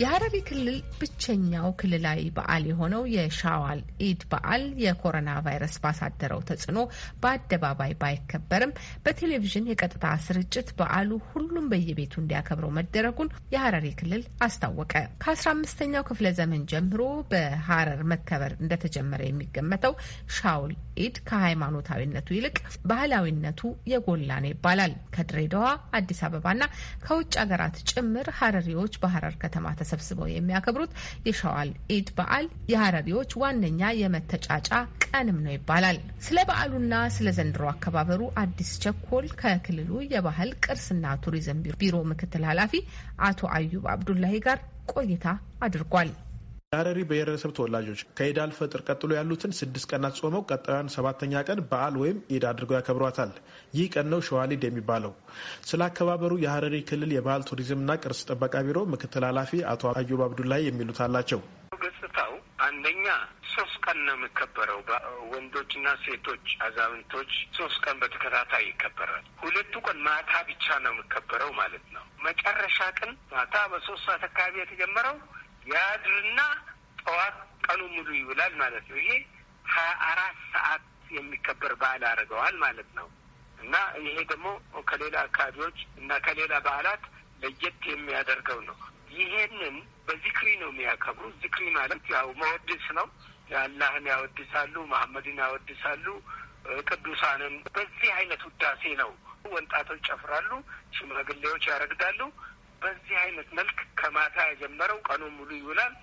የሀረሪ ክልል ብቸኛው ክልላዊ በዓል የሆነው የሻዋል ኢድ በዓል የኮሮና ቫይረስ ባሳደረው ተጽዕኖ በአደባባይ ባይከበርም በቴሌቪዥን የቀጥታ ስርጭት በዓሉ ሁሉም በየቤቱ እንዲያከብረው መደረጉን የሀረሪ ክልል አስታወቀ። ከ 15 ኛው ክፍለ ዘመን ጀምሮ በሀረር መከበር እንደተጀመረ የሚገመተው ሻውል ኢድ ከሃይማኖታዊነቱ ይልቅ ባህላዊነቱ የጎላ ነው ይባላል። ከድሬዳዋ አዲስ አበባና ከውጭ ሀገራት ጭምር ሀረሪዎች በሀረር ከተማ ተሰብስበው የሚያከብሩት የሸዋል ኢድ በዓል የሀረሪዎች ዋነኛ የመተጫጫ ቀንም ነው ይባላል። ስለ በዓሉና ስለ ዘንድሮ አከባበሩ አዲስ ቸኮል ከክልሉ የባህል ቅርስና ቱሪዝም ቢሮ ምክትል ኃላፊ አቶ አዩብ አብዱላሂ ጋር ቆይታ አድርጓል። የሀረሪ ብሔረሰብ ተወላጆች ከኢዳል አልፈጥር ቀጥሎ ያሉትን ስድስት ቀናት ጾመው ቀጣዩን ሰባተኛ ቀን በዓል ወይም ኢድ አድርገው ያከብሯታል። ይህ ቀን ነው ሸዋሊድ የሚባለው። ስለ አከባበሩ የሀረሪ ክልል የባህል ቱሪዝምና ቅርስ ጥበቃ ቢሮ ምክትል ኃላፊ አቶ አዩብ አብዱላይ የሚሉት አላቸው። ገጽታው አንደኛ ሶስት ቀን ነው የሚከበረው። ወንዶችና ሴቶች፣ አዛውንቶች ሶስት ቀን በተከታታይ ይከበራል። ሁለቱ ቀን ማታ ብቻ ነው የሚከበረው ማለት ነው። መጨረሻ ቀን ማታ በሶስት ሰዓት አካባቢ የተጀመረው ያድርና ጠዋት ቀኑ ሙሉ ይውላል ማለት ነው። ይሄ ሀያ አራት ሰዓት የሚከበር በዓል አድርገዋል ማለት ነው እና ይሄ ደግሞ ከሌላ አካባቢዎች እና ከሌላ በዓላት ለየት የሚያደርገው ነው። ይሄንን በዚክሪ ነው የሚያከብሩ። ዚክሪ ማለት ያው መወድስ ነው። አላህን ያወድሳሉ፣ መሐመድን ያወድሳሉ፣ ቅዱሳንን በዚህ አይነት ውዳሴ ነው። ወንጣቶች ጨፍራሉ፣ ሽማግሌዎች ያረግዳሉ። በዚህ አይነት መልክ ከማታ የጀመረው ቀኑ ሙሉ ይውላል።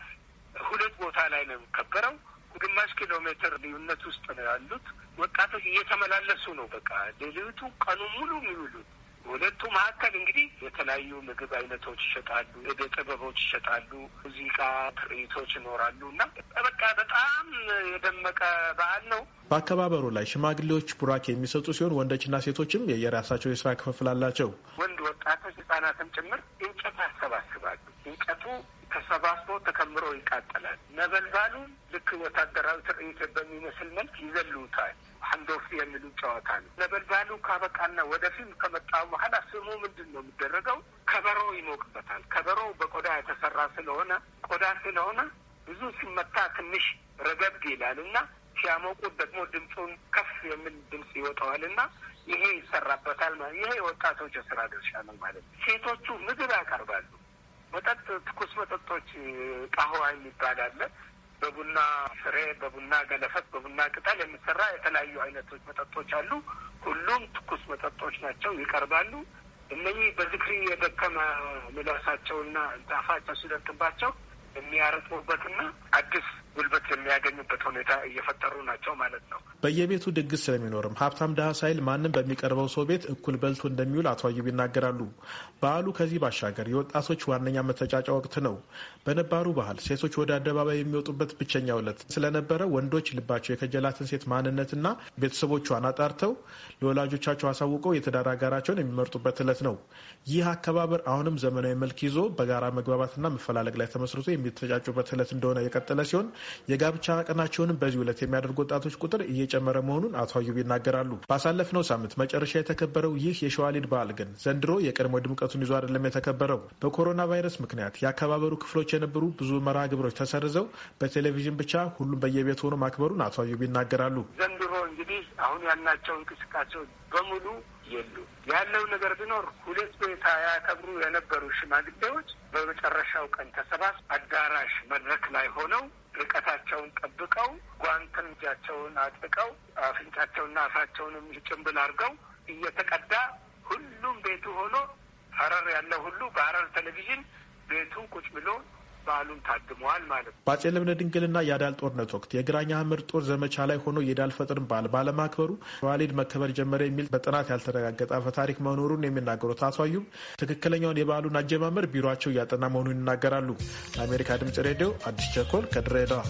ሁለት ቦታ ላይ ነው የሚከበረው። ግማሽ ኪሎ ሜትር ልዩነት ውስጥ ነው ያሉት ወጣቶች እየተመላለሱ ነው። በቃ ሌሊቱ ቀኑ ሙሉ የሚውሉት ሁለቱ መካከል እንግዲህ የተለያዩ ምግብ አይነቶች ይሸጣሉ፣ እደ ጥበቦች ይሸጣሉ፣ ሙዚቃ ትርኢቶች ይኖራሉ እና በቃ በጣም የደመቀ በዓል ነው። በአከባበሩ ላይ ሽማግሌዎች ቡራክ የሚሰጡ ሲሆን ወንዶችና ሴቶችም የየራሳቸው የስራ ክፍፍል አላቸው። ወንድ ወጣቶች፣ ህጻናትም ጭምር እንጨት ያሰባስባሉ። እንጨቱ ተሰባስቦ ተከምሮ ይቃጠላል። ነበልባሉን ልክ ወታደራዊ ትርኢት በሚመስል መልክ ይዘልውታል። አንዶፍ የሚሉ ጨዋታ ነው። ነበልባሉ ካበቃና ወደ ፊልም ከመጣ በኋላ ስሙ ምንድን ነው የሚደረገው? ከበሮ ይሞቅበታል። ከበሮ በቆዳ የተሰራ ስለሆነ ቆዳ ስለሆነ ብዙ ሲመታ ትንሽ ረገብ ይላል እና ሲያሞቁት ደግሞ ድምፁን ከፍ የሚል ድምፅ ይወጣዋል እና ይሄ ይሰራበታል። ይሄ ወጣቶች የስራ ድርሻ ነው ማለት ነው። ሴቶቹ ምግብ ያቀርባሉ። መጠጥ ትኩስ መጠጦች ቃህዋ የሚባል አለ። በቡና ፍሬ፣ በቡና ገለፈት፣ በቡና ቅጠል የሚሰራ የተለያዩ አይነቶች መጠጦች አሉ። ሁሉም ትኩስ መጠጦች ናቸው፣ ይቀርባሉ። እነኚህ በዝክሪ የደከመ ምላሳቸውና ጣፋቸው ሲደክባቸው የሚያረጥሙበትና አዲስ ጉልበት የሚያገኙበት ሁኔታ እየፈጠሩ ናቸው ማለት ነው። በየቤቱ ድግስ ስለሚኖርም ሀብታም ድሀ ሳይል ማንም በሚቀርበው ሰው ቤት እኩል በልቶ እንደሚውል አቶ አዩብ ይናገራሉ። በዓሉ ከዚህ ባሻገር የወጣቶች ዋነኛ መተጫጫ ወቅት ነው። በነባሩ ባህል ሴቶች ወደ አደባባይ የሚወጡበት ብቸኛው ዕለት ስለነበረ ወንዶች ልባቸው የከጀላትን ሴት ማንነትና ቤተሰቦቿን አጣርተው ለወላጆቻቸው አሳውቀው የትዳር አጋራቸውን የሚመርጡበት ዕለት ነው። ይህ አከባበር አሁንም ዘመናዊ መልክ ይዞ በጋራ መግባባትና መፈላለግ ላይ ተመስርቶ የሚተጫጩበት ዕለት እንደሆነ የቀጠለ ሲሆን የጋብቻ ቀናቸውንም በዚህ ዕለት የሚያደርጉ ወጣቶች ቁጥር እየጨመረ መሆኑን አቶ አዩብ ይናገራሉ። ባሳለፍነው ሳምንት መጨረሻ የተከበረው ይህ የሸዋሊድ በዓል ግን ዘንድሮ የቀድሞ ድምቀቱን ይዞ አይደለም የተከበረው። በኮሮና ቫይረስ ምክንያት የአከባበሩ ክፍሎች የነበሩ ብዙ መርሃ ግብሮች ተሰርዘው በቴሌቪዥን ብቻ ሁሉም በየቤት ሆኖ ማክበሩን አቶ አዩብ ይናገራሉ። ዘንድሮ እንግዲህ አሁን ያልናቸው እንቅስቃሴዎች በሙሉ የሉ ያለው ነገር ቢኖር ሁለት ቤታ ያከብሩ የነበሩ ሽማግሌዎች በመጨረሻው ቀን ተሰባስ አዳራሽ መድረክ ላይ ሆነው ርቀታቸውን ጠብቀው ጓንትን እጃቸውን አጥብቀው አፍንጫቸውና አፋቸውንም ጭንብል አድርገው እየተቀዳ ሁሉም ቤቱ ሆኖ ሀረር ያለው ሁሉ በሀረር ቴሌቪዥን ቤቱ ቁጭ ብሎ በዓሉን ታድመዋል ማለት ነው። በአፄ ልብነ ድንግልና የአዳል ጦርነት ወቅት የግራኛ ምር ጦር ዘመቻ ላይ ሆኖ የዳል ፈጥርን በዓል ባለማክበሩ ዋሊድ መከበር ጀመረ የሚል በጥናት ያልተረጋገጠ በታሪክ መኖሩን የሚናገሩት አቶ አዩብ ትክክለኛውን የበዓሉን አጀማመር ቢሮቸው እያጠና መሆኑን ይናገራሉ። ለአሜሪካ ድምጽ ሬዲዮ አዲስ ቸኮል ከድሬዳዋ